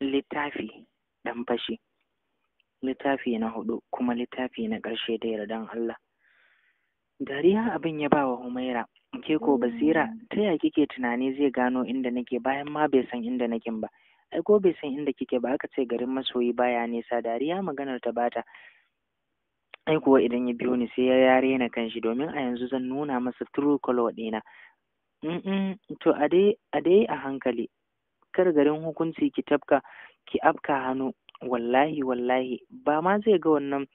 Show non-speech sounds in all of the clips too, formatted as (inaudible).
littafi ɗan fashi littafi na huɗu, kuma littafi na ƙarshe da yardan Allah dariya abin ya ba wa Humaira ke ko basira mm. ta ya kike tunani zai gano inda nake bayan ma bai san inda nake ba ai ko bai san inda kike ba aka ce garin masoyi baya nesa dariya maganar ta bata ai kuwa idan ya biyo ni sai ya yare na kanshi domin a yanzu zan nuna masa true color ɗina to a dai a hankali kar garin hukunci ki tafka ki afka hannu wallahi wallahi ba ma zai ga wannan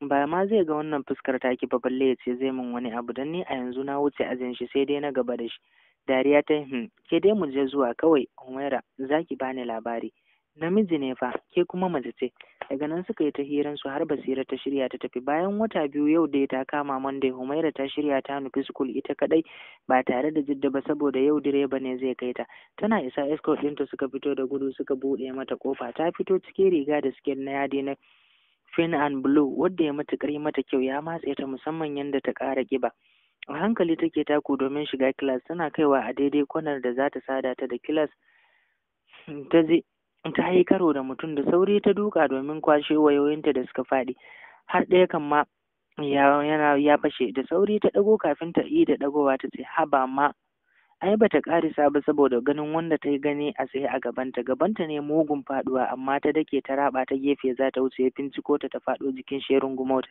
ba ma zai ga wannan fuskar taki ba balle ya ce zai min wani abu dan ni a yanzu na wuce ajin shi sai dai na gaba da shi dariya ta hin hmm, ke dai mu je zuwa kawai umaira zaki bani labari namiji ne fa ke kuma mace ce daga nan suka yi ta hirar su har basira ta shirya ta tafi bayan wata biyu yau dai ta kama monday humaira ta shirya ta nufi school ita kadai ba tare da jidda ba saboda yau direba ne zai kai ta tana isa escort ɗinta suka fito da gudu suka buɗe mata kofa ta fito cikin riga da siket na yadi na fin and blue wadda ya matuƙar mata kyau ya matse ta musamman yadda ta ƙara ƙiba a hankali take taku domin shiga kilas tana kaiwa a daidai kwanar da za ta sada ta da kilas ta ta yi karo da mutum da sauri ta duka domin kwashe wayoyinta da suka faɗi har ɗaya kan ma yana ya fashe da sauri ta ɗago kafin ta yi da ɗagowa ta ce haba ma ai bata ƙarisa ba saboda ganin wanda ta yi gani a tsaye a gabanta gabanta ne mugun faɗuwa amma ta dake ta raba ta gefe za ta wuce binciko ta ta faɗo jikin sherin gumota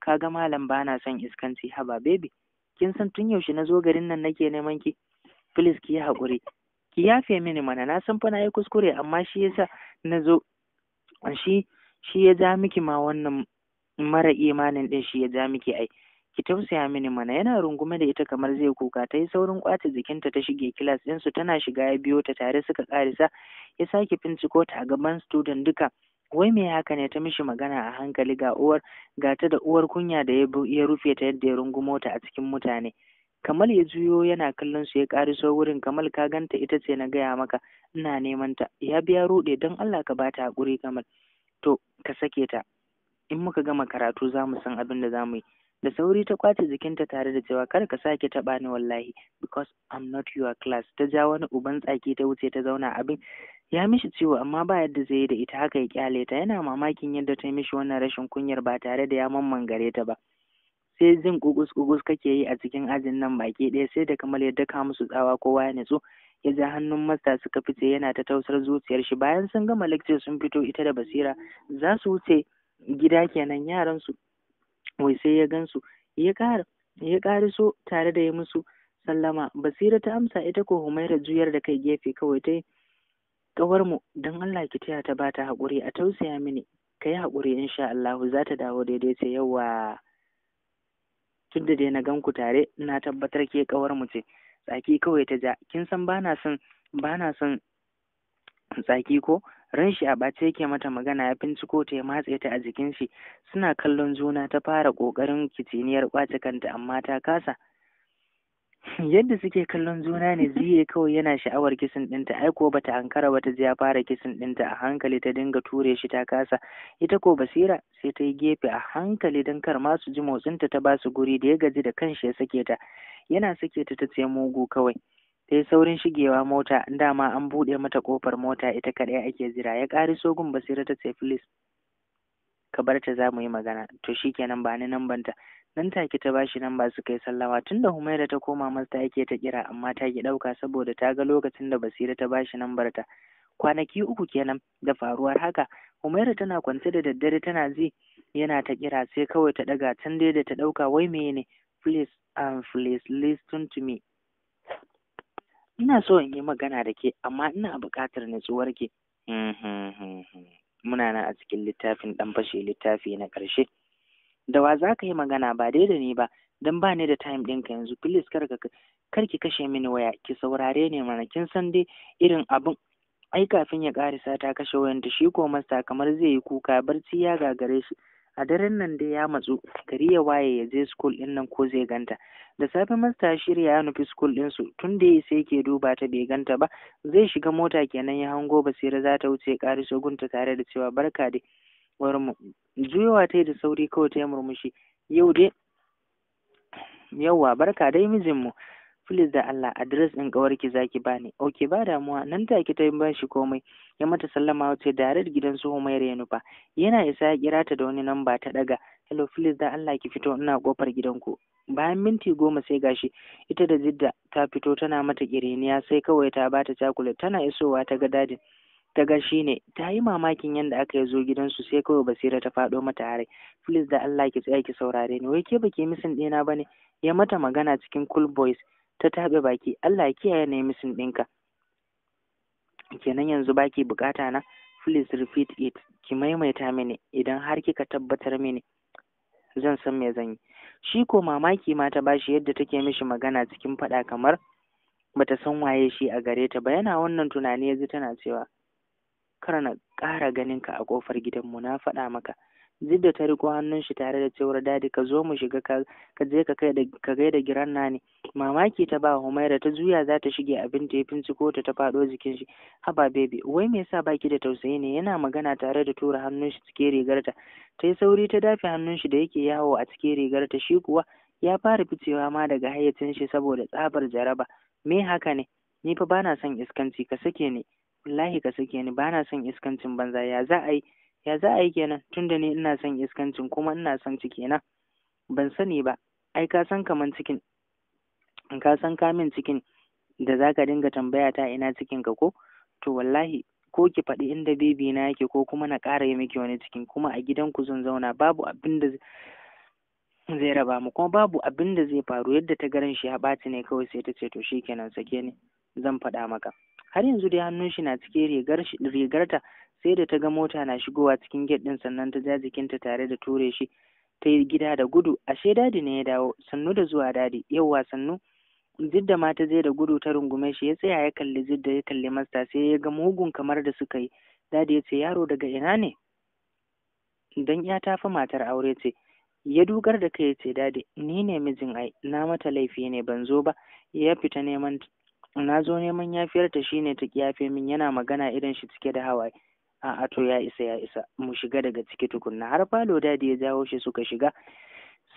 kaga malam ba na son iskanci haba baby kin san tun yaushe na zo garin nan nake neman ki please ki haƙuri ki yafe mini mana na san fa na yi kuskure amma shi yasa na zo shi shi ya ja miki ma wannan mara imanin din shi ya ja miki ai ki tausaya mini mana yana rungume da ita kamar zai kuka ta yi saurin kwace jikinta ta shige kilas su tana shiga ya biyo ta tare suka karisa ya sake binciko ta a gaban student duka wai me haka ne ta mishi magana a hankali ga uwar ga ta da uwar kunya da ya rufe ta yadda ya rungumo ta a cikin mutane Kamal ya juyo yana kallon su ya ƙariso wurin Kamal ka ganta ita ce na gaya maka ina neman ta ya biya ruɗe don Allah ka bata haƙuri Kamal to ka sake ta in muka gama karatu za mu san abin da za mu yi da sauri ta kwace jikinta tare da cewa kar ka sake taɓa ni wallahi because I'm not your class ta ja wani uban tsaki ta wuce ta zauna abin ya mishi ciwo amma ba yadda zai yi da ita haka ya kyale ta yana mamakin yadda ta yi mishi wannan rashin kunyar ba tare da ya mamman gare ta ba sai jin kugus kugus kake yi a cikin ajin nan baki ɗaya sai da kamar ya daka musu tsawa kowa ya nutsu ya ja hannun masta suka fice yana ta tausar zuciyar shi bayan sun gama lecture sun fito ita da basira za su wuce gida kenan yaran su wai sai ya gansu ya ƙara ya so tare da ya musu sallama basira ta amsa ita ko humaira juyar da kai gefe kawai ta kawar mu don Allah ki taya ta bata hakuri a tausaya mini ka hakuri haƙuri insha Allah za ta dawo daidai ce yawa duk da dai na gan ku tare na tabbatar ke kawar mu ce tsaki kawai ta ja kin san bana son bana son tsaki ko ran shi a ɓace yake mata magana ya binciko ta ya matse ta a jikin shi suna kallon juna ta fara ƙoƙarin kiciniyar kwace kanta amma ta kasa (laughs) yadda suke kallon juna ne ziye kawai yana sha'awar kisin ɗinta ai ko bata ankara ba ta ya fara kisin ɗinta a hankali ta dinga ture shi ta kasa ita ko basira sai ta yi gefe a hankali don kar ma su ji motsinta ta basu guri da ya gaji da kanshi ya sake ta yana sake ta ta ce mugu kawai ta yi saurin shigewa mota dama an buɗe mata kofar mota ita kaɗai ake jira ya ƙari sogun basira ta ce please ka bar ta za mu yi magana to shikenan ba ni nan banta nan take ta bashi nan ba su kai sallama tunda Humaira ta koma masa yake ta kira amma ta ki ɗauka saboda ta ga lokacin da Basira ta bashi nambar ta kwanaki uku kenan da faruwar haka Humaira tana kwance da daddare tana ji yana ta kira sai kawai ta ɗaga can dai da ta ɗauka wai me ne please um, please listen to me ina so in yi magana da ke amma ina buƙatar natsuwar ke hmm, hmm, hmm, muna nan a cikin littafin dan fashe littafi na ƙarshe da wa za ka yi magana ba dai da ni ba don ba ni da time ɗinka yanzu please kar ka kar ki kashe mini waya ki saurare ne mana kin san dai irin abun ai kafin ya karisa ta kashe wayanta shi ko masta kamar zai yi kuka barci ya gagare shi a daren nan dai ya matsu gari ya waye ya je school din nan ko zai ganta da safe masta shirya ya nufi school din su tun da sai ke duba ta bai ganta ba zai shiga mota kenan ya hango basira za ta wuce karisa gunta tare da cewa barka dai mu. juyowa ta da sauri kawai ta yi murmushi yau dai yauwa barka dai mijinmu Filis da Allah adres ɗin ƙawarki zaki bani. Oke ba damuwa nan ki ta yi bashi komai. Ya mata sallama wace direct gidan su Humair ya nufa. Yana isa ya kira ta da wani namba ta daga. Hello Filis da Allah ki fito ina kofar gidanku. Bayan minti goma sai gashi ita da Jidda ta fito tana mata kiriniya sai kawai ta bata cakulet tana isowa ta ga dadin. ta ga shi ne ta yi mamakin yadda aka yi zo gidansu sai kawai basira ta faɗo mata harai. please da Allah ki tsaya ki saurare ni wai ke baki misin ɗina ba ne ya mata magana cikin cool boys ta taɓe baki Allah kiyaye ne misin ɗinka kenan yanzu baki bukata na please repeat it ki maimaita mini idan har kika tabbatar mini zan san me zan yi shi ko mamaki ma ta bashi yadda take mishi magana cikin faɗa kamar bata san waye shi a gare ta ba yana wannan tunani yanzu tana cewa kar na ƙara ganin ka a ƙofar gidanmu na faɗa maka da ta riko hannun shi tare da cewar dadi ka zo mu shiga ka je ka kai da ka gaida giranna ne mamaki ta ba Humaira ta juya za ta shige abin da ya binciko ta ta fado jikin shi haba bebe wai me yasa baki da tausayi ne yana magana tare da tura hannun shi cikin rigarta ta yi sauri ta dafe hannun shi da yake yawo a cikin rigarta shi kuwa ya fara ficewa ma daga hayyacin shi saboda tsabar jaraba me haka ne ni fa bana son iskanci ka sake ni wallahi ka sake ni ba na son iskancin banza ya za a yi ya za a yi kenan tunda ni ina son iskancin kuma ina son ciki na ban sani ba ai ka san kaman cikin ka san kamin cikin da zaka dinga tambaya ta ina cikin ka ko to wallahi ko ki faɗi inda bebi na yake ko kuma na ƙara yi miki wani cikin kuma a gidan ku zan zauna babu abin da zai raba mu kuma babu abin da zai faru yadda ta garin shi ya ɓaci ne kawai sai ta ce to shikenan sake ni zan faɗa maka har yanzu dai hannun shi na cike rigar rigarta sai da ta ga mota na shigowa cikin gate din sannan ta ja jikinta tare da ture shi ta yi gida da gudu ashe dadi ne ya dawo sannu da zuwa dadi yauwa sannu zidda ma ta je da gudu ta rungume shi ya tsaya ya kalli zidda ya kalli masta sai ya ga mugun kamar da suka yi dadi ya ce yaro daga ina ne dan ya tafi matar aure ce ya dugar da kai ya ce dadi ni ne mijin ai na mata laifi ne ban zo ba ya fita neman na zo neman yafiyar ta shine ta kiyafe min yana magana idan shi cike da hawaye a'a to ya isa ya isa mu shiga daga ciki tukunna har falo dadi ya jawo shi suka shiga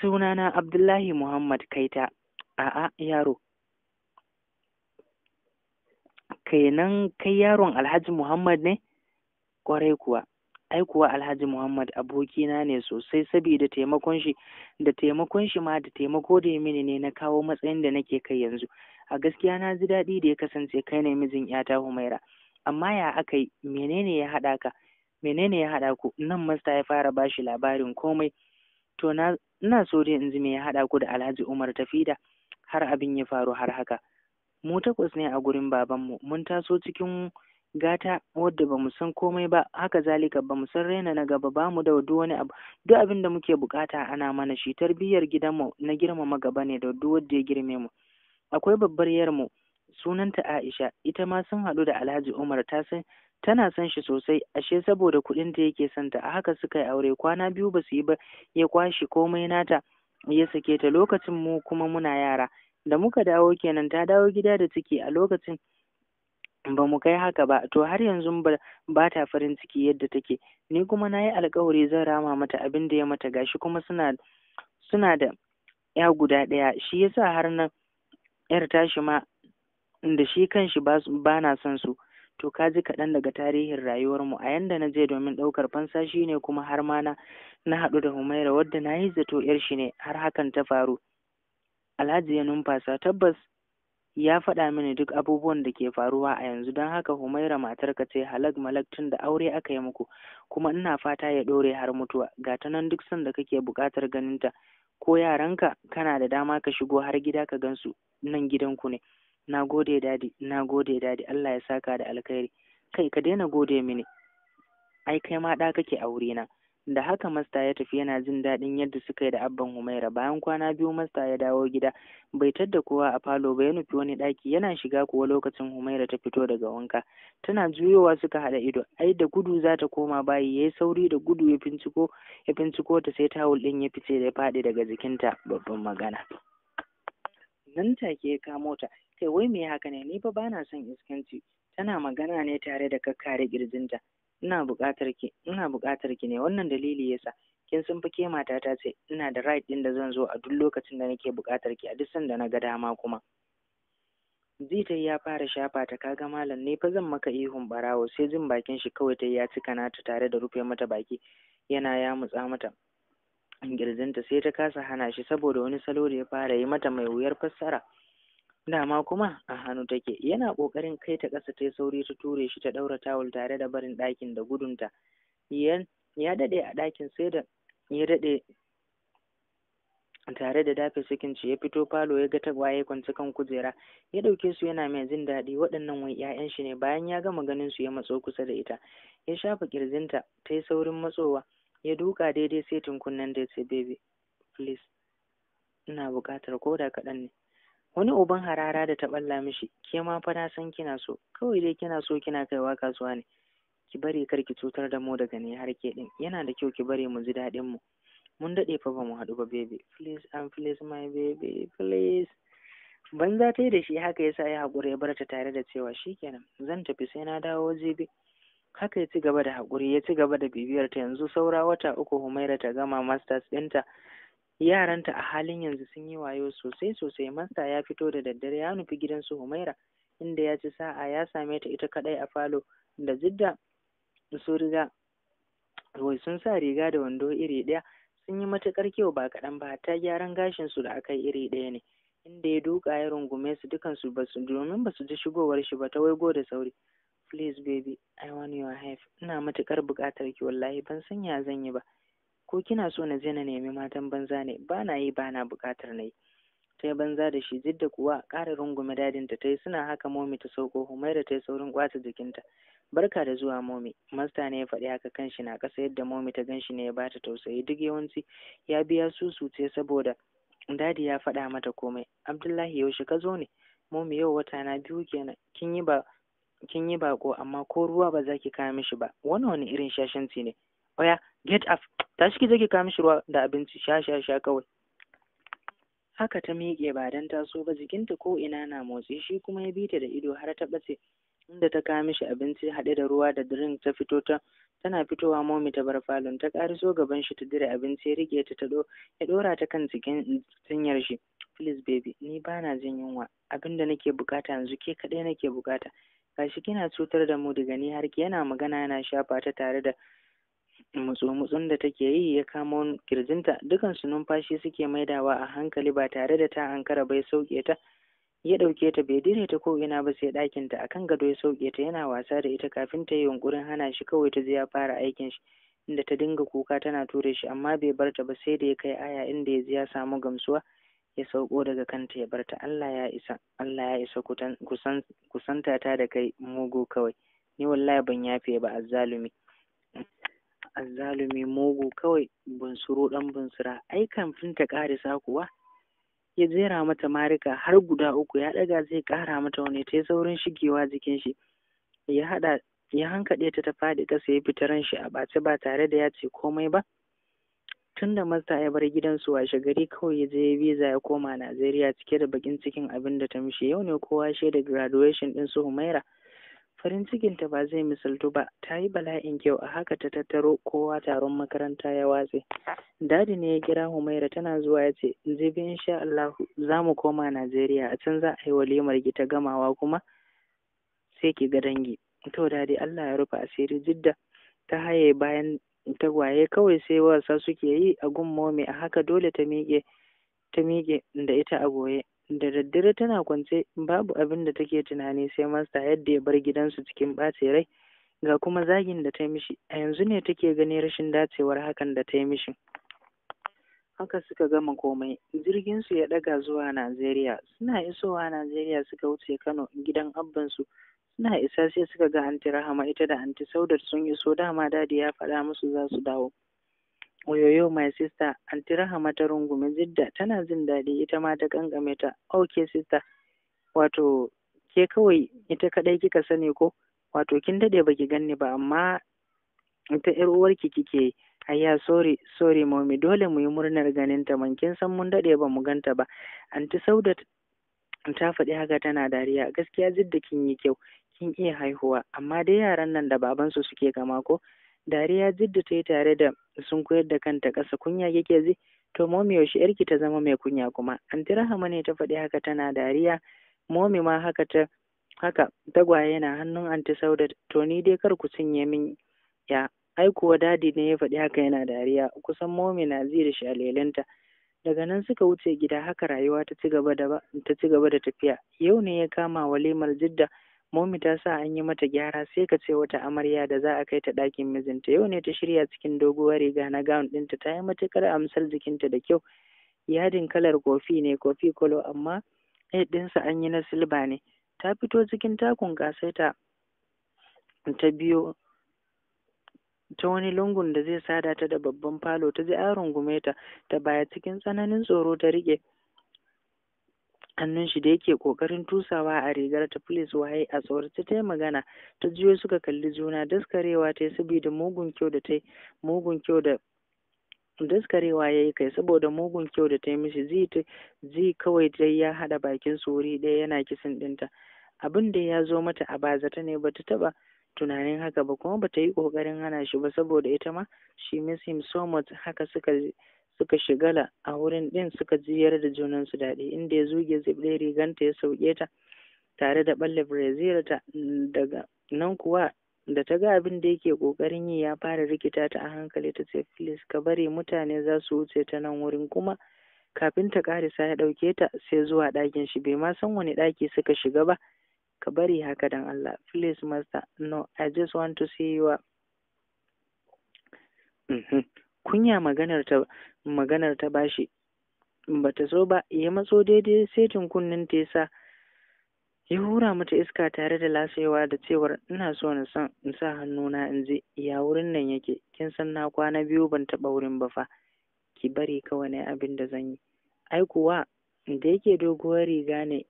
sunana abdullahi muhammad kaita a'a yaro kenan kai yaron alhaji muhammad ne kwarai kuwa ai kuwa alhaji muhammad abokina ne sosai saboda taimakon shi da taimakon shi ma da taimako da ya mini ne na kawo matsayin da nake kai yanzu a gaskiya na ji daɗi da ya kasance kai ne mijin yata humaira amma ya aka yi menene ya haɗa ka menene ya haɗa ku nan masta ya fara ba shi labarin komai to na ina so dai in ji me ya haɗa ku da alhaji umar tafida har abin ya faru har haka mu takwas ne a gurin babanmu mun taso cikin gata wadda ba mu san komai ba haka zalika ba mu san raina na gaba ba mu da duk wani abu duk abin da muke bukata ana mana shi tarbiyyar gidanmu na girmama gaba ne da duk wanda ya girme mu akwai babbar yarmu sunanta Aisha ita ma sun haɗu da Alhaji Umar ta san tana son shi sosai ashe saboda kuɗin da yake son ta a haka suka yi aure kwana biyu ba su yi ba ya kwashi komai nata ya sake ta lokacin mu kuma muna yara da muka dawo kenan ta dawo gida da ciki a lokacin ba mu kai haka ba to har yanzu ba ta farin ciki yadda take ni kuma na yi alkawari zan rama mata abin da ya mata gashi kuma suna suna da ya guda ɗaya shi yasa har nan 'yar tashi ma da shi kanshi ba na son su to ka ji kaɗan daga tarihin rayuwarmu a yanda na je domin ɗaukar fansa shi ne kuma har ma na haɗu da humaira wadda na yi zato 'yar shi ne har hakan ta faru alhaji ya numfasa tabbas ya faɗa mini duk abubuwan da ke faruwa a yanzu don haka humaira matarka ce halak malag tun da aure aka yi muku kuma ina fata ya ɗore har mutuwa ga ta nan duk sanda kake buƙatar ganinta ko yaranka kana da dama ka shigo har gida ka gansu nan gidanku ne na gode dadi na gode dadi Allah ya saka da alkhairi kai ka daina gode mini ai kai ma ɗa kake a wurina da haka masta ya tafi yana jin daɗin yadda suka yi da abban humaira bayan kwana biyu masta ya dawo gida bai tadda kowa a falo ba ya nufi wani ɗaki yana shiga kuwa lokacin humaira ta fito daga wanka tana juyowa suka haɗa ido ai da gudu za ta koma bayi Ya yi sauri da gudu ya finciko ya ta sai tawul ɗin ya fice da ya faɗi daga jikinta babban magana nan take ya kamo ta kai wai me haka ne ni fa bana son iskanci tana magana ne tare da kakkare kirjinta ina buƙatar ki ina buƙatar ki ne wannan dalili yasa kin san fi ke matata ce ina da right din da zan zo a duk lokacin da nake buƙatar ki a duk sanda na ga dama kuma Zai yi ya fara shafa ta kaga malam ne fa zan maka ihun barawo sai jin bakin shi kawai ta yi ya cika nata tare da rufe mata baki yana ya mutsa mata girjinta sai ta kasa hana shi saboda wani salo da ya fara yi mata mai wuyar fassara Dama kuma a hannu take, yana kokarin kai ta kasa ta sauri ta ture shi ta ɗaura tawul tare da barin ɗakin da gudunta. Ya dade a ɗakin sai da ya daɗe tare da dafe sikinci ya fito falo ya ga tagwaye kwanci kan kujera ya ɗauke su yana mai jin daɗi waɗannan wai 'ya'yan shi ne bayan ya gama ganin su ya matso kusa da ita ya shafa ƙirjinta ta yi saurin matsowa ya duka daidai sai tunkunnan da ya ce baby please ina buƙatar ko da kaɗan ne wani uban harara da ta ɓalla mishi ke ma fa na san kina so kawai dai kina so kina kaiwa kasuwa ne ki bari kar ki cutar da mu daga ne har ke din yana da kyau ki bari mu ji daɗin mu mun daɗe fa ba mu haɗu ba baby please and um, please my baby please banza ta yi da shi haka yasa ya haƙuri ya bar ta tare da cewa 'Shi kenan, zan tafi sai na dawo jibi haka ya ci gaba da haƙuri ya ci gaba da bibiyar ta yanzu saura wata uku humaira ta gama masters ɗinta yaranta a halin yanzu sun yi wayo sosai sosai masta ya fito da daddare ya nufi gidan su humaira inda ya ci sa'a ya same ta ita kadai a falo da zidda su riga wai sun sa riga da wando iri ɗaya sun yi matuƙar kyau ba kaɗan ba ta gyaran gashin su da aka yi iri ɗaya ne inda ya duka ya rungume su dukansu su, domin ba su ji shigowar shi ba ta waigo da sauri please baby i want your help ina matuƙar buƙatar ki wallahi ban san zan yi ba ko kina so na je na nemi matan banza ne ba na yi ba na buƙatar na yi ta banza da shi jidda kuwa ƙara rungume dadinta ta yi suna haka momi ta sauko humaira ta yi saurin jikin jikinta barka da zuwa momi masta ne ya faɗi haka kan shi na ƙasa yadda momi ta ganshi ne ya ba ta tausayi duk yawanci ya biya ce saboda dadi ya faɗa mata komai abdullahi yaushe ka zo ne momi yau wata na biyu kenan kin yi ba kin yi bako amma ko ruwa ba za ki kawo mishi ba wani wani irin shashanci ne oya get up tashi ki je ki ruwa da abinci sha sha sha kawai haka ta miƙe ba dan ta so ba jikinta ko ina na motsi shi kuma ya bi ta da ido har ta bace inda ta kawo mishi abinci haɗe da ruwa da drink ta fito ta tana fitowa momi ta bar falon ta ƙariso gaban shi ta dire abinci ya rike ta ta ya ɗora ta kan cikin cinyar shi please baby ni ba na jin yunwa abin da nake bukata yanzu ke kaɗai nake bukata gashi kina cutar da mu daga ni har ki yana magana yana shafa ta tare da mutsu-mutsun da take yi ya kamo kirjinta dukansu numfashi suke maidawa a hankali ba tare da ta ankara bai sauke ta ya ɗauke ta bai dire ta ko ina ba sai dakin ta akan gado ya sauke ta yana wasa da ita kafin ta yi yunkurin hana shi kawai ta je fara aikin shi inda ta dinga kuka tana ture shi amma bai bar ta ba sai da ya kai aya inda ya ji ya samu gamsuwa ya sauko daga kanta ya bar ta Allah ya isa Allah ya isa kusanta ta da kai mugu kawai ni wallahi ban yafe ba azzalumi azzalumi mugu kawai bunsuru ɗan bunsura ai kamfin ta karisa kuwa ya jera mata marika har guda uku ya ɗaga zai ƙara mata wani ta saurin shigewa jikin shi ya haɗa ya hankade ta ta faɗi ƙasa ya fita ran shi a ɓace ba tare da ya ce komai ba Tunda masta ya bar gidansu washe gari kawai ya je visa ya koma Najeriya cike da bakin cikin abinda ta mishi yau ne kowa da graduation din su Humaira farin cikinta ba zai misaltu ba ta yi bala'in kyau a haka ta tattaro kowa taron makaranta ya watse dadi ne ya kira humaira tana zuwa ya ce jibi insha Allah za mu koma Najeriya a can za a yi walimar ta gamawa kuma sai ki ga dangi to dadi Allah ya rufe asiri jidda ta haye bayan tagwaye kawai sai wasa suke yi a gun momi a haka dole ta miƙe ta miƙe da ita a goye da daddare tana kwance babu abin da take tunani sai masta yadda ya bar gidansu cikin ɓacin rai ga kuma zagin da ta yi mishi a yanzu ne take gani rashin dacewar hakan da ta yi mishi haka suka gama komai jirgin su ya ɗaga zuwa najeriya suna isowa najeriya suka wuce kano gidan abbansu suna isa sai suka ga anti rahama ita da anti saudar sun iso dama dadi ya faɗa musu za su dawo Oyoyo my sister, anti Rahama ta rungume Jidda tana jin daɗi ita ma ta gangame ta. Okay oh, sister, wato ke kawai ita kaɗai kika sani ko? Wato kin daɗe baki ganni ba amma ita ƴar uwarki kike ayya sorry sorry mommy dole mu yi murnar ganin ta man kin san mun daɗe bamu mu ganta ba. Anti Saudat ta faɗi haka tana dariya gaskiya Jidda kin yi kyau kin iya haihuwa amma dai yaran nan da babansu suke kama ko dariya jidda ta yi tare da sun koyar da kanta ƙasa kunya yake ji to momi yaushe yarki ta zama mai kunya kuma anti rahama ne ta faɗi haka tana dariya momi ma haka ta haka tagwaye yana hannun anti sauda to ni dai kar ku cinye min ya ai kuwa dadi ne ya faɗi haka yana dariya kusan momi na ji da shalelinta daga nan suka wuce gida haka rayuwa ta ci gaba da ta ci gaba da tafiya yau ne ya kama walimar jidda Momi ta sa an yi mata gyara sai ka ce wata amarya da za a kai ta ɗakin mijinta. Yau ne ta shirya cikin doguwar riga na gawun ɗinta ta yi matuƙar amsar jikinta da kyau. Yadin kalar kofi ne kofi kolo amma ɗaya ɗinsa an yi na silba ne. Ta fito cikin takun sai ta biyo ta wani lungun da zai sada ta da babban falo ta ji an rungume ta ta baya cikin tsananin tsoro ta riƙe hannun shi da yake kokarin tusawa a rigar ta please waye a tsorace ta magana ta juyo suka kalli juna daskarewa ta yi saboda mugun kyau da ta yi mugun kyau da daskarewa ya yi kai saboda mugun kyau da ta yi mishi zi kawai dai ya haɗa bakin su wuri ɗaya yana kisan ɗinta abin da ya zo mata a ta ne bata taɓa tunanin haka ba kuma bata yi kokarin hana shi ba saboda ita ma she miss him so haka suka suka shigala a wurin din suka jiyar da junansu daɗi inda ya zuge zip riganta ya sauke ta tare da ɓalle brazil ta daga nan kuwa da ta ga abin da yake ƙoƙarin yi ya fara rikita ta a hankali ta ce please ka bari mutane za su wuce ta nan wurin kuma kafin ta ƙarisa ya ɗauke ta sai zuwa ɗakin shi bai ma san wani ɗaki suka shiga ba ka bari haka dan Allah please master no I just want to see you mhm. kunya maganar ta maganar ta bashi bata so ba ya matso daidai setin kunnen ta yasa ya hura mata iska tare da lasewa da cewar ina so na san in sa na, in je ya wurin nan yake kin san na kwana biyu ban taba wurin ba fa ki bari kawai wani abin da zan yi ai kuwa da yake doguwar riga ne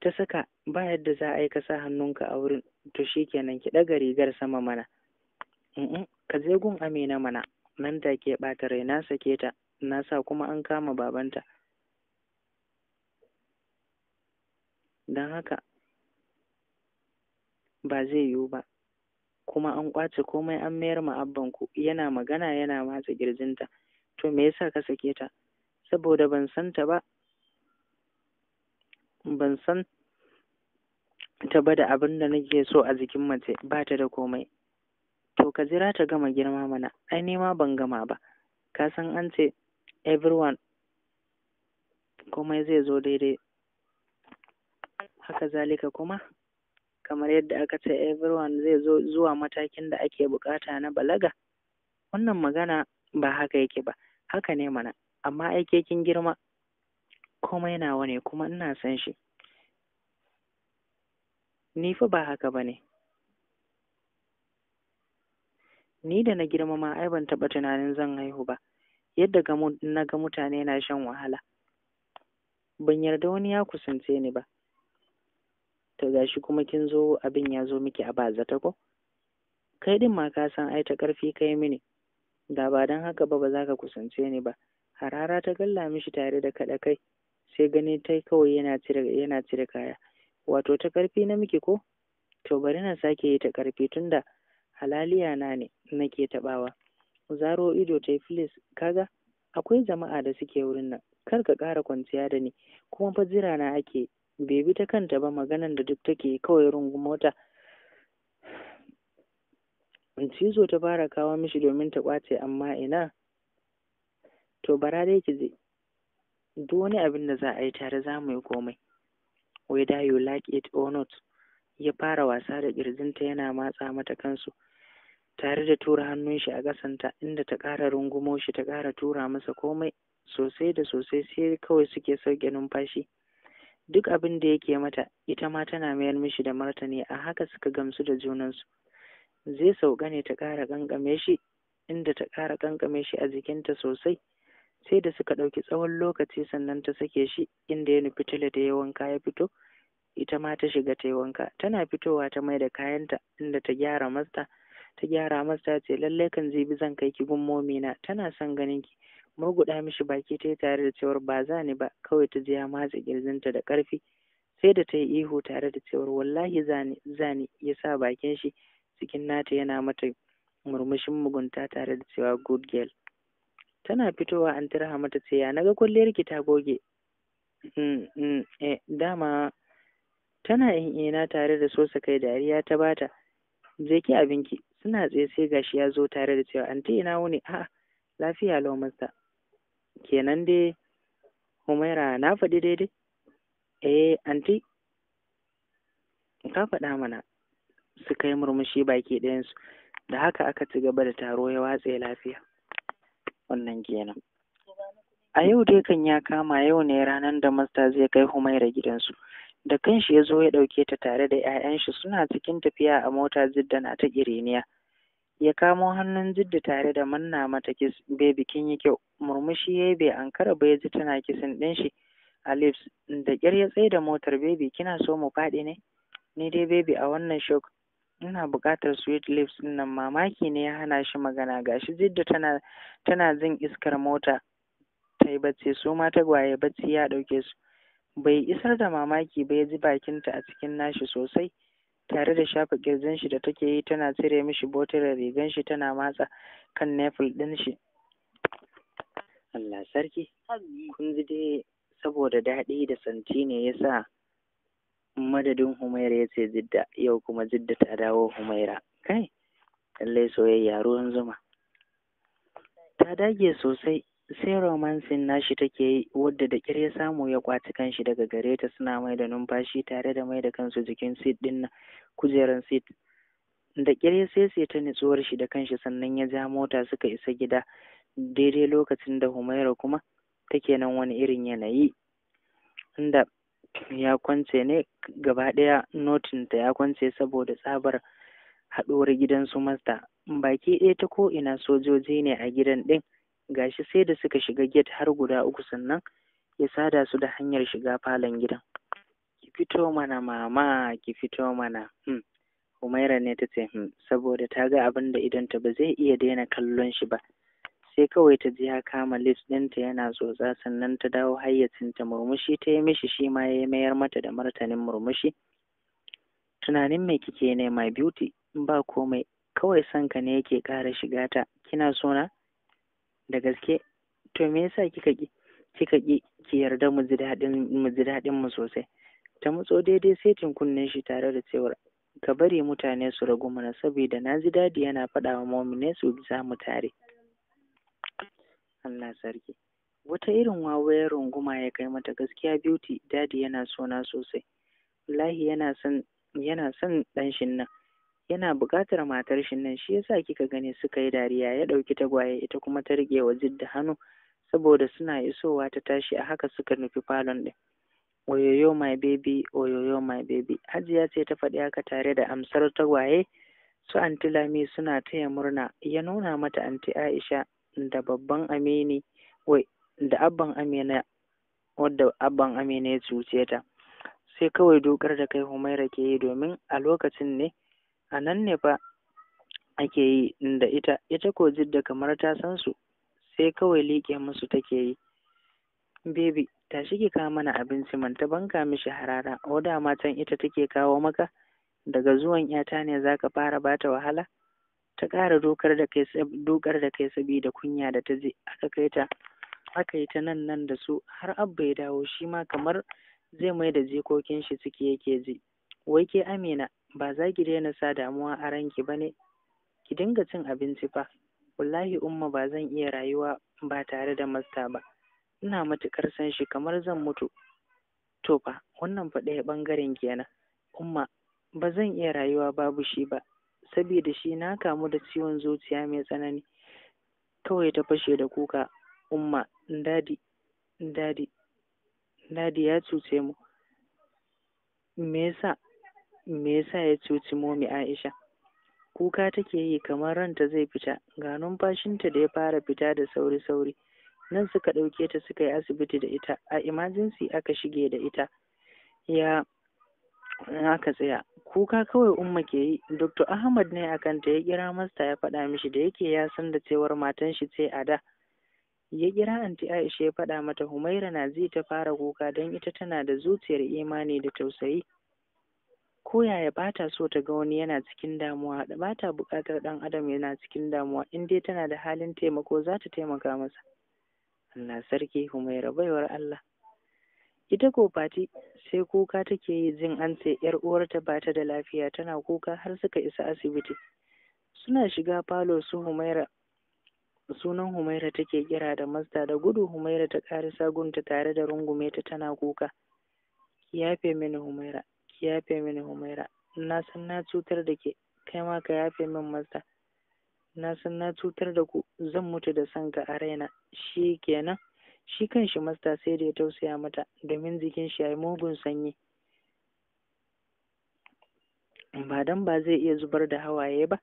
ta saka ba yadda za a yi ka sa hannunka a wurin to shikenan ki ɗaga rigar sama mana ka je gun amina mana nan take ɓata rai na sake ta na sa kuma an kama babanta don haka ba zai yiwu ba kuma an ƙwace komai an mayar ma abbanku yana magana yana matsa girjinta to me yasa ka sake ta saboda ban san ta ba ban san ta ba da abin da nake so a jikin mace ba ta da komai To ka jira ta gama girma mana, ai nema ban gama ba. Ka san an ce everyone komai zai zo daidai. Haka zalika kuma, kamar yadda aka ce everyone zai zo zuwa matakin da ake bukata na balaga. Wannan magana ba haka yake ba, haka ne mana, amma aike girma komai nawa ne kuma ina san shi. Ni fa ba haka ba ne. ni da na girma ma ai ban taɓa tunanin zan haihu ba yadda na ga mutane na shan wahala ban yarda wani ya kusance ni ba to gashi kuma kin zo abin ya zo miki a bazata ko kai din ma ka san ai ta ƙarfi kai mini da ba don haka ba ba za ka kusance ni ba harara ta galla mishi tare da kaɗa kai sai gani ta kawai yana cire yana cire kaya wato ta ƙarfi na miki ko to bari na sake yi ta ƙarfi tunda halaliya na ne nake taɓawa zaro ido ta yi kaga akwai jama'a da suke wurin nan kar ka ƙara kwanciya da ni kuma fa jira na ake bai bi ta kanta ba maganan da duk take kawai rungun mota. cizo ta fara kawo mishi domin ta ƙwace amma ina to bara dai ki je duk wani abin da za a yi tare za mu yi komai whether you like it or not ya fara wasa da ƙirjinta yana matsa mata kansu tare da tura hannun shi a ƙasanta inda ta ƙara rungumo shi ta ƙara tura masa komai sosai da sosai sai kawai suke sauke numfashi duk abin da yake mata ita ma tana mayar mishi da martani a haka suka gamsu da junansu zai sauka ne ta ƙara ƙanƙame shi inda ta ƙara ƙanƙame shi a jikinta sosai sai da suka ɗauki tsawon lokaci sannan ta sake shi inda ya nufi tula da ya wanka ya fito ita ma ta shiga ta yi wanka tana fitowa ta mai da kayanta inda ta gyara masta ta gyara masa ta ce lallai kan zibi, zan kai ki gun na. tana son ganin ki murguɗa mishi baki ta yi tare da cewar ba za ni ba kawai ta je ya matsa da ƙarfi sai da ta yi ihu tare da cewar wallahi zani zani ya sa bakin shi cikin nata yana mata murmushin mugunta tare da cewa good girl tana fitowa an tarha mata ce ya naga kwalliyar ki ta goge mm, mm, eh, dama tana yin ina tare da sosa kai dariya ta bata je ki abinki suna tsaye sai gashi ya zo tare da cewa anti ina wuni a lafiya lau masa kenan dai humaira na faɗi daidai eh anti ka faɗa mana suka yi murmushi baki ɗayansu da haka aka ci gaba da taro ya watse lafiya wannan kenan a yau dai kan ya kama yau ne ranar da masta zai kai humaira gidansu da kanshi ya zo ya ɗauke ta tare da 'ya'yan shi suna cikin tafiya a mota zidda na ta ƙiriniya ya kamo hannun zidda tare da manna mata kis bai bikin yi kyau murmushi ya yi bai ankara ba ya ji tana kisin ɗin shi a da ƙyar ya tsaye da motar baby kina so mu faɗi ne ni dai baby a wannan shok. ina buƙatar sweet lips ɗin nan mamaki ne ya hana shi magana gashi zidda tana tana jin iskar mota ta yi bacci su ma tagwaye bacci ya ɗauke su bai isar da mamaki ba ya ji bakinta a cikin nashi sosai tare da shafa kirjin shi da take yi tana cire mishi botirar rigan shi tana matsa kan nefil din shi Allah sarki kun ji dai saboda daɗi da santi ne ya sa madadin humaira ya ce jidda yau kuma jidda ta dawo humaira kai lallai soyayya ruwan zuma ta dage sosai sai romancing nashi take yi wadda da ƙyar ya samu ya kwaci kanshi daga gare ta suna mai da numfashi tare da mai da kansu jikin sit din nan kujeran sit da ƙyar ya sai ta nutsuwar shi da kanshi sannan ya ja mota suka isa gida daidai lokacin da humaira kuma take nan wani irin yanayi inda ya kwance ne gaba ɗaya notinta ya kwance saboda tsabar haɗuwar gidan su masta baki ɗaya ta ko ina sojoji ne a gidan ɗin gashi sai da suka shiga get har guda uku sannan ya sada su da hanyar shiga falon gidan ki fito mana mama ki fito mana hmm. Umaira ne ta ce hmm. saboda ta ga abin da idan ta ba zai iya daina kallon shi ba sai kawai ta ji ya kama ɗinta yana tsotsa sannan ta dawo hayyacinta murmushi ta yi mishi shi ma ya mayar mata da martanin murmushi tunanin mai kike ne my beauty ba komai kawai sanka ne yake ƙara shiga ta kina sona da gaske to me yasa kika ki kika ki ki yarda mu ji dadin mu ji dadin mu sosai ta mutso daidai setin kunnen shi tare da cewar ka bari mutane su ragu mana saboda na ji dadi yana faɗa wa su za mu tare Allah sarki wata irin wawayar runguma ya kai mata gaskiya beauty dadi yana sona sosai wallahi yana son yana son ɗanshin nan yana buƙatar matar shi nan shi yasa kika gani suka yi dariya ya ɗauki tagwaye ita kuma ta riƙe wa da hannu saboda suna isowa ta tashi a haka suka nufi falon ɗin oyoyo my baby oyoyo my baby hajiya ce ta faɗi haka tare da amsar tagwaye su anti lami suna taya murna ya nuna mata anti aisha da babban amini wai da abban amina wadda abban amina ya cuce ta sai kawai dokar da kai humaira ke yi domin a lokacin ne a nan ne fa ake yi da ita ita ko jidda kamar ta san su sai kawai liƙe musu take yi bebi tashi ki kawo mana abinci man ta banka mishi harara oda ma can ita take kawo maka daga zuwan yata ne zaka fara bata wahala ta ƙara dokar da kai dokar da kai saboda kunya da ta je aka kai ta aka yi ta nan nan da su har abba ya dawo shi ma kamar zai mai da jikokin shi ciki yake ji wai ke amina ba za ki daina sa damuwa a ranki ba ne ki dinga cin abinci fa wallahi umma ba zan iya rayuwa ba tare da masta ba ina matukar san shi kamar zan mutu to fa wannan fa ɗaya ɓangaren kenan umma ba zan iya rayuwa babu shi ba Sabida shi na kamu da ciwon zuciya mai tsanani kawai ta fashe da kuka umma dadi dadi dadi ya cuce mu me yasa me yasa ya cuci momi Aisha kuka take yi kamar ranta zai fita ga numfashinta da ya fara fita da sauri sauri nan suka ɗauke ta suka yi asibiti da ita a emergency aka shige da ita ya aka tsaya kuka kawai umma ke yi dr ahmad ne a kanta ya kira masta ya faɗa mishi da yake ya san da cewar matan shi ce a da ya kira anti aisha ya faɗa mata humaira na zai ta fara kuka don ita tana da zuciyar imani da tausayi ko yaya ba ta so ta ga wani yana cikin damuwa ba ta buƙatar ɗan adam yana cikin damuwa in dai tana da halin taimako za ta taimaka masa Allah sarki Humaira baiwar Allah ita ko fati sai kuka take yi jin an ce yar uwarta ba ta da lafiya tana kuka har suka isa asibiti suna shiga falo su Humaira sunan Humaira take kira da masta da gudu Humaira ta ƙarisa gunta tare da rungume ta tana kuka. Ki yafe mini Humaira, yafe mini Humaira na san na cutar da ke kai ma ka yafe min masa. na san na cutar da ku zan mutu da san ka a raina shi kenan shi shi masta sai da ya tausaya mata domin jikin shi yayi mugun sanyi ba dan ba zai iya zubar da hawaye ba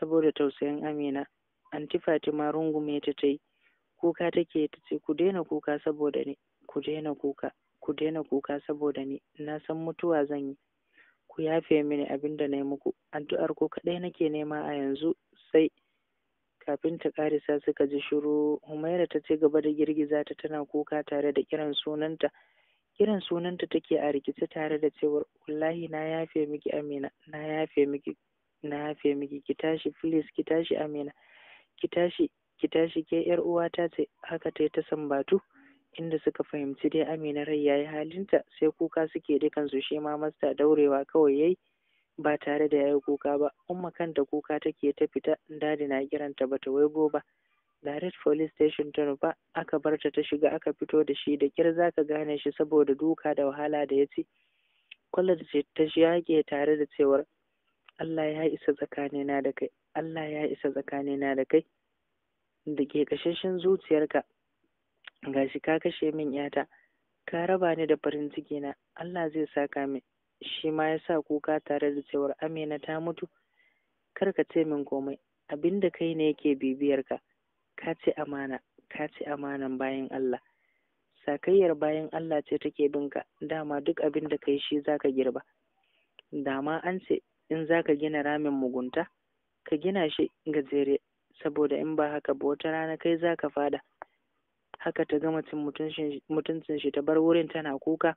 saboda tausayin Amina anti Fatima rungume ta ta yi kuka take ta ce ku daina kuka saboda ni ku daina kuka ku daina kuka saboda ni na san mutuwa zan yi ku yafe mini abin da na yi muku addu'ar ku kaɗai nake nema a yanzu sai kafin ta ƙarisa suka ji shiru humaira ta ce gaba da girgiza ta tana kuka tare da kiran sunanta kiran sunanta take a rikice tare da cewar wallahi na yafe miki amina na yafe miki na yafe miki ki tashi please ki tashi amina ki tashi ki tashi ke yar uwata ce haka yi ta sambatu inda suka fahimci dai Amina rai yayi halinta sai kuka suke dukan su shi ma masta daurewa kawai yayi ba tare da yayi kuka ba umma kanta kuka take ta fita dadi na kiranta bata waigo ba direct police station ta nufa aka barta ta shiga aka fito da shi da kyar zaka gane shi saboda duka da wahala da ya ci kwallo da ta yake tare da cewar Allah ya isa tsakanina da kai Allah ya isa tsakanina da kai da ke kashashin zuciyarka gashi ka kashe min yata ka raba ni da farin ciki na Allah zai saka min shi ma yasa kuka tare da cewar Amina ta mutu kar ka ce min komai abinda kai ne yake bibiyar ka ka ci amana ka ci amanan bayan Allah sakayyar bayan Allah ce take bin ka dama duk abin da kai shi zaka girba dama an ce in zaka gina ramin mugunta ka gina shi gajere saboda in ba haka ba wata rana kai zaka fada haka ta gama cin mutuncin shi ta bar wurin tana kuka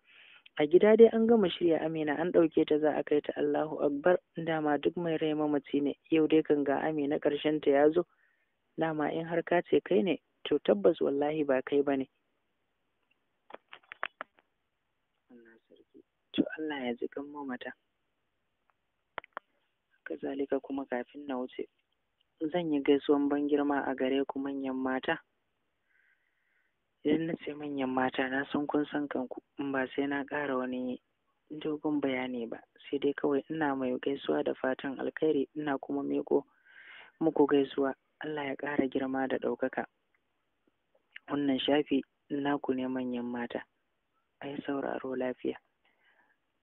a gida dai an gama shirya amina an ɗauke ta za a kai ta allahu akbar dama duk mai rai mamaci ne yau dai kan ga amina ƙarshen ta ya zo dama in har ka ce kai ne to tabbas wallahi ba kai ba ne to allah ya ji kazalika kuma kafin na wuce zan yi gaisuwan ban girma a gare ku manyan mata idan na ce manyan mata na san kun san kanku in ba sai na ƙara wani dogon bayani ba sai dai kawai ina mai gaisuwa da fatan alkhairi ina kuma miko muku gaisuwa Allah ya ƙara girma da ɗaukaka wannan shafi naku ne manyan mata a yi sauraro lafiya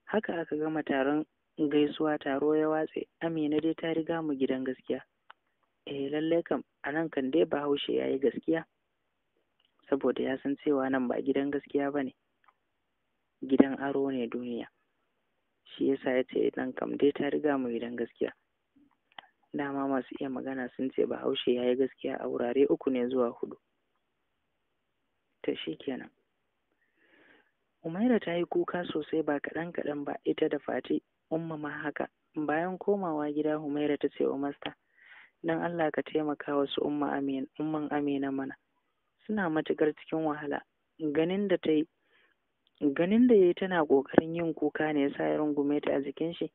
haka aka gama taron gaisuwa taro ya watse amina dai ta riga mu gidan gaskiya eh lallai kam a nan kan dai bahaushe ya yi gaskiya saboda ya san cewa nan ba gidan gaskiya ba ne gidan aro ne duniya shi yasa ya ce nan kam dai ta riga mu gidan gaskiya dama masu iya magana sun ce bahaushe ya yi gaskiya a wurare uku ne zuwa hudu ta shi kenan umaira ta yi kuka sosai ba kaɗan kaɗan ba ita da fati umma ma haka bayan komawa gida humaira ta ce wa masta dan allah ka taimaka wasu umma amin umman amina mana suna matuƙar cikin wahala ganin da ta ganin da ya yi tana ƙoƙarin yin kuka ne yasa ya rungume ta a jikin shi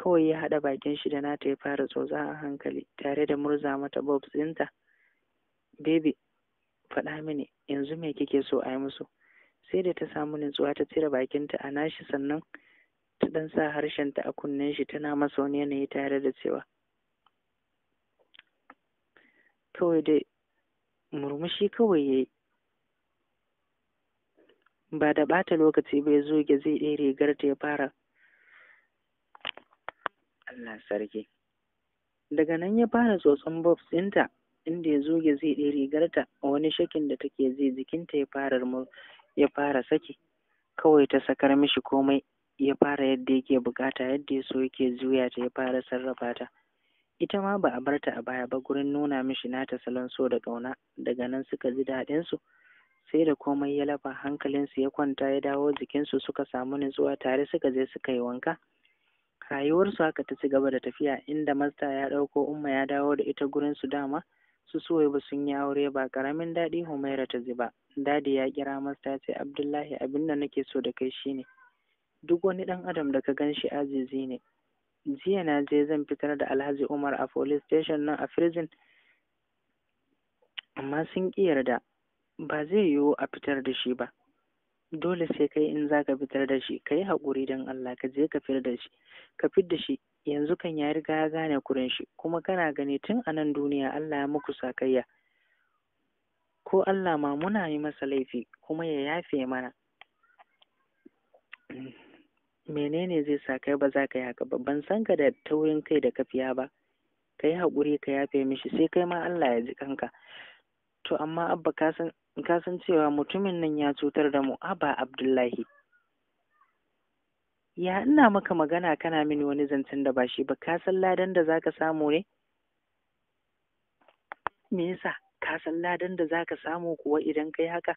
kawai ya haɗa bakin shi da nata ya fara tsotsa a hankali tare da murza mata bobs ɗinta baby faɗa mini yanzu me kike so a yi musu sai da ta samu nutsuwa ta cire bakinta a nashi sannan ta ɗan sa harshenta a kunnen shi tana masa wani yanayi tare da cewa kawai dai murmushi kawai ya yi ba da ɓata lokaci bai zo ya zai ɗaya rigar ta ya fara Allah sarki daga nan ya fara tsotson bobs ɗinta inda ya zoge zai ɗaya ta a wani shakin da take zai jikinta ya fara ya fara saki kawai ta sakar mishi komai ya fara yadda yake bukata yadda ya so yake juya ta ya fara sarrafa ta ita ma ba a barta a baya ba gurin nuna mishi nata salon so da ƙauna daga nan suka ji daɗin su sai da komai ya lafa hankalinsu ya kwanta ya dawo jikinsu suka samu nutsuwa tare suka je suka yi wanka su haka ta ci gaba da tafiya inda masta ya ɗauko umma ya dawo da ita gurin su dama su ba sun yi aure ba ƙaramin daɗi humaira ta ziba dadi ya kira masta ya ce abdullahi abin da nake so da kai shine duk wani ɗan adam da ka ganshi, shi azizi ne jiya na je zan fitar da alhaji umar a police station nan a prison amma sun ƙi yarda ba zai yiwu a fitar da shi ba dole sai kai in za ka fitar da shi ka yi haƙuri don allah ka je ka fitar da shi ka fitar da shi yanzu kan ya riga ya gane kurin shi kuma kana gani tun a nan duniya allah ya muku sakayya ko allah ma muna yi masa laifi kuma ya yafe mana menene zai sa kai ba za ka yi haka ba ban san ka da taurin kai da kafiya ba ka yi haƙuri ka yafe mishi sai kai ma Allah ya ji kanka to amma abba ka san ka san cewa mutumin nan ya cutar da mu abba abdullahi ya ina maka magana kana mini wani zancen da ba shi ba ka san ladan da zaka samu ne me yasa ka san ladan da zaka samu kuwa idan kai haka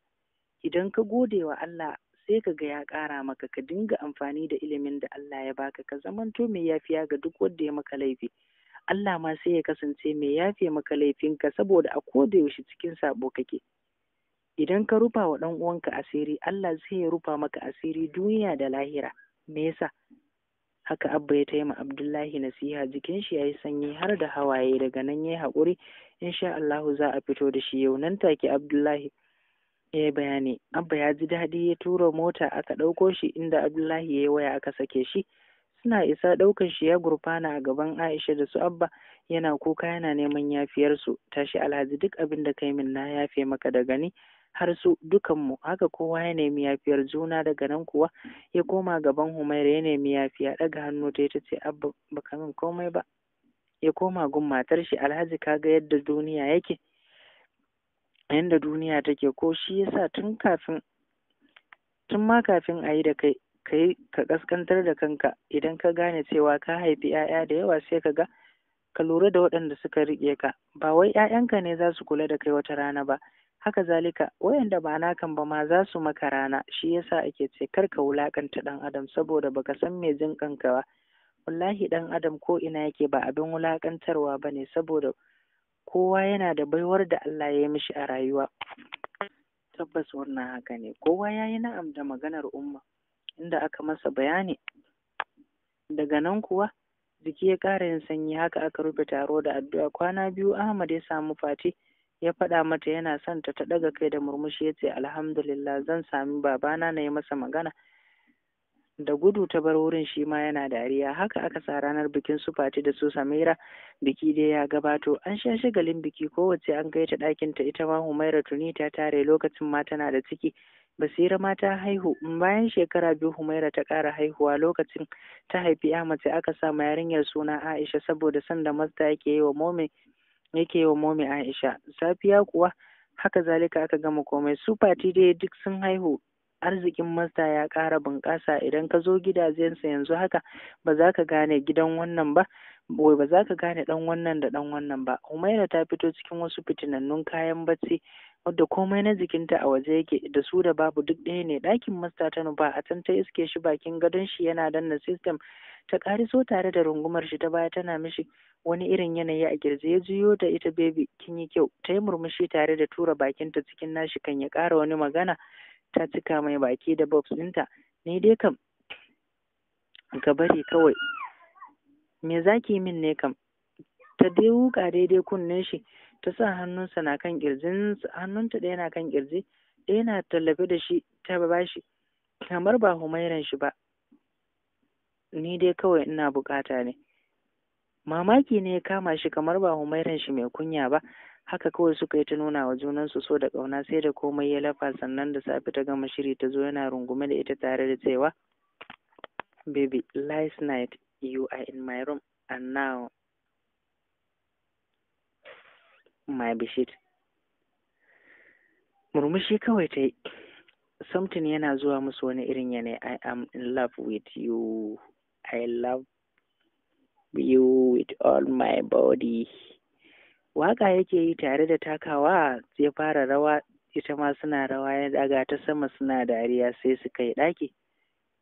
idan ka gode wa Allah sai ka ga ya ƙara maka ka dinga amfani da ilimin da Allah ya baka ka zamanto mai yafiya ga duk wanda ya maka laifi Allah ma sai ya kasance mai yafe maka laifinka saboda a ko da yaushe cikin sabo kake idan ka rufa wa ɗan uwanka asiri Allah zai ya rufa maka asiri duniya da lahira me yasa haka abba ya taima abdullahi nasiha jikin shi yayi sanyi har da hawaye daga nan yayi haƙuri insha Allahu za a fito da shi yau nan take abdullahi ya yi bayani abba ya ji daɗi ya tura mota aka ɗauko shi inda abdullahi ya yi waya aka sake shi suna isa ɗaukan shi ya gurfana a gaban aisha da su abba yana kuka yana neman yafiyarsu tashi alhaji duk abin da kai min na yafe maka da gani har su dukanmu haka kowa ya nemi yafiyar juna daga nan kuwa ya koma gaban humaira ya nemi yafiya ɗaga hannu ta ta ce abba baka min komai ba ya koma gun matar shi alhaji kaga yadda duniya yake yanda duniya take ko shi yasa tun kafin tun ma kafin a yi da kai kai ka kaskantar da kanka idan ka gane cewa ka haifi 'ya'ya da yawa sai ka ga ka lura da waɗanda suka riƙe ka ba wai 'ya'yanka ne za su kula da kai wata rana ba haka zalika wayanda ba nakan ba ma za su maka rana shi yasa ake ce kar ka wulakanta ɗan adam saboda baka san me jin kanka ba wallahi ɗan adam ko ina yake ba abin wulakantarwa ba saboda kowa yana da baiwar da Allah ya yi mishi a rayuwa tabbas wannan haka ne kowa ya yi na'am da maganar umma inda aka masa bayani daga nan kuwa jiki ya ƙara yin sanyi haka aka rufe taro da addu'a kwana biyu Ahmad ya samu Fati ya faɗa mata yana son ta ta ɗaga kai da murmushi ya ce alhamdulillah zan sami babana na yi masa magana da gudu ta bar wurin shi ma yana dariya haka aka sa ranar bikin su fati da su samira biki dai ya gabato an sha shagalin biki kowace an gaita ɗakin ta ita ma humaira tuni ta tare lokacin ma tana da ciki basira ma ta haihu bayan shekara biyu humaira ta ƙara haihuwa lokacin ta haifi ya mace aka sa ma yarinyar suna aisha saboda sanda mazda yake yi wa momi yake yi wa momi aisha safiya kuwa haka zalika aka gama komai su fati dai duk sun haihu arzikin masta ya kara bunƙasa idan ka zo gidajensa yanzu haka ba za ka gane gidan wannan ba wai ba za ka gane ɗan wannan da ɗan wannan ba umaira ta fito cikin wasu fitinannun kayan bacci wadda komai na jikinta a waje yake da su da babu duk ɗaya ne ɗakin masta ta nufa a can ta iske shi bakin gadon shi yana danna system ta so tare da rungumar shi ta baya tana mishi wani irin yanayi a girje ya juyo da ita bebi kin yi kyau ta yi murmushi tare da tura bakinta cikin nashi kan ya ƙara wani magana ta cika mai baki da box ɗinta ni dai kam ka bari kawai me zaki min ne kam ta dai wuka daidai kunnen shi ta sa hannunsa na kan kirjin hannunta ɗaya na kan kirji ɗaya na tallafe da shi ta ba shi kamar ba humairan shi ba ni dai kawai ina bukata ne mamaki ne ya kama shi kamar ba humairan shi mai kunya ba Haka kawai suka yi ta nuna wa junansu so da ƙauna sai da komai ya lafa sannan da safe ta gama shiri ta zo yana rungume da ita tare da cewa Baby, last night you are in my room and now my bishit. Murmushi kawai ta yi, something yana zuwa musu wani irin yanayi I am in love with you, I love you with all my body. waka yake yi tare da takawa sai fara rawa ita ma suna rawa ya daga ta sama suna dariya sai su kai ɗaki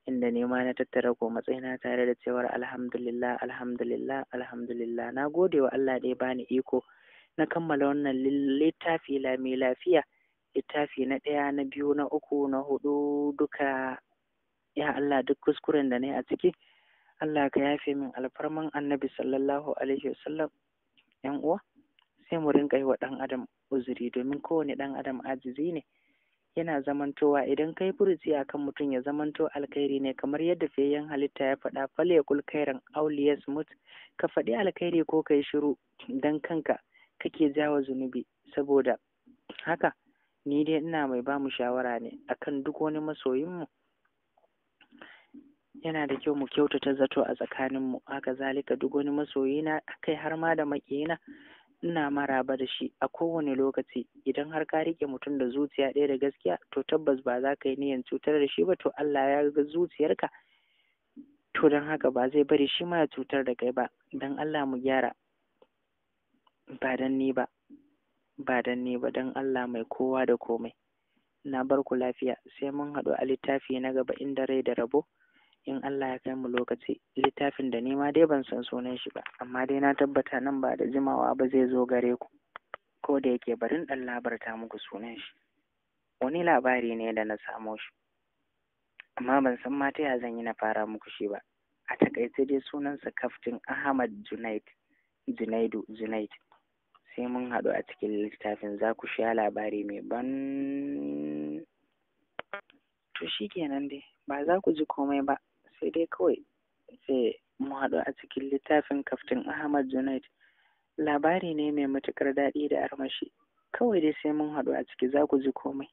inda nema na tattara ko matsayina tare da cewar alhamdulillah alhamdulillah alhamdulillah na gode wa Allah da ya bani iko na kammala wannan littafi mai lafiya littafi na ɗaya na biyu na uku na hudu duka ya Allah duk kuskuren da na a ciki Allah ka yafe min alfarman annabi sallallahu alaihi wasallam yan uwa sai mu rinka yi wa ɗan adam uzuri domin kowane ɗan adam ajizi ne yana zamantowa idan kai furuci akan mutum ya zamanto alkhairi ne kamar yadda fiyayyen halitta ya faɗa fale kul kairan auliyas mut ka faɗi alkhairi ko kai shiru don kanka kake jawa zunubi saboda haka ni dai ina mai ba mu shawara ne akan duk wani masoyinmu yana da kyau mu kyautata zato a tsakaninmu haka zalika duk wani masoyina kai har ma da maƙiyina ina maraba da shi a kowane lokaci idan har ka rike mutum da zuciya ɗaya da gaskiya to tabbas ba za ka yi niyan cutar da shi ba to Allah ya ga zuciyarka to don haka ba zai bari shi ma ya cutar da kai ba don Allah mu gyara ba don ni ba ba don ni ba don Allah mai kowa da komai na barku lafiya sai mun haɗu a littafi na gaba inda rai da rabo in Allah ya kai mu lokaci littafin da nema dai ban san sunan shi ba amma dai na tabbata nan ba da jimawa ba zai zo gare ku ko da yake barin dan labarta muku sunan shi wani labari ne da na samo shi amma ban san ma ta ya zan yi na fara muku shi ba a takaice dai sunansa kaftin Ahmad Junaid Junaidu Junaid sai mun haɗu a cikin littafin za ku sha labari mai ban to shi kenan dai ba za ku ji komai ba sai dai kawai sai mu haɗu a cikin littafin kaftin Ahmad Junaid. Labari ne mai matuƙar daɗi da armashi. Kawai dai sai mun haɗu a ciki za ku ji komai.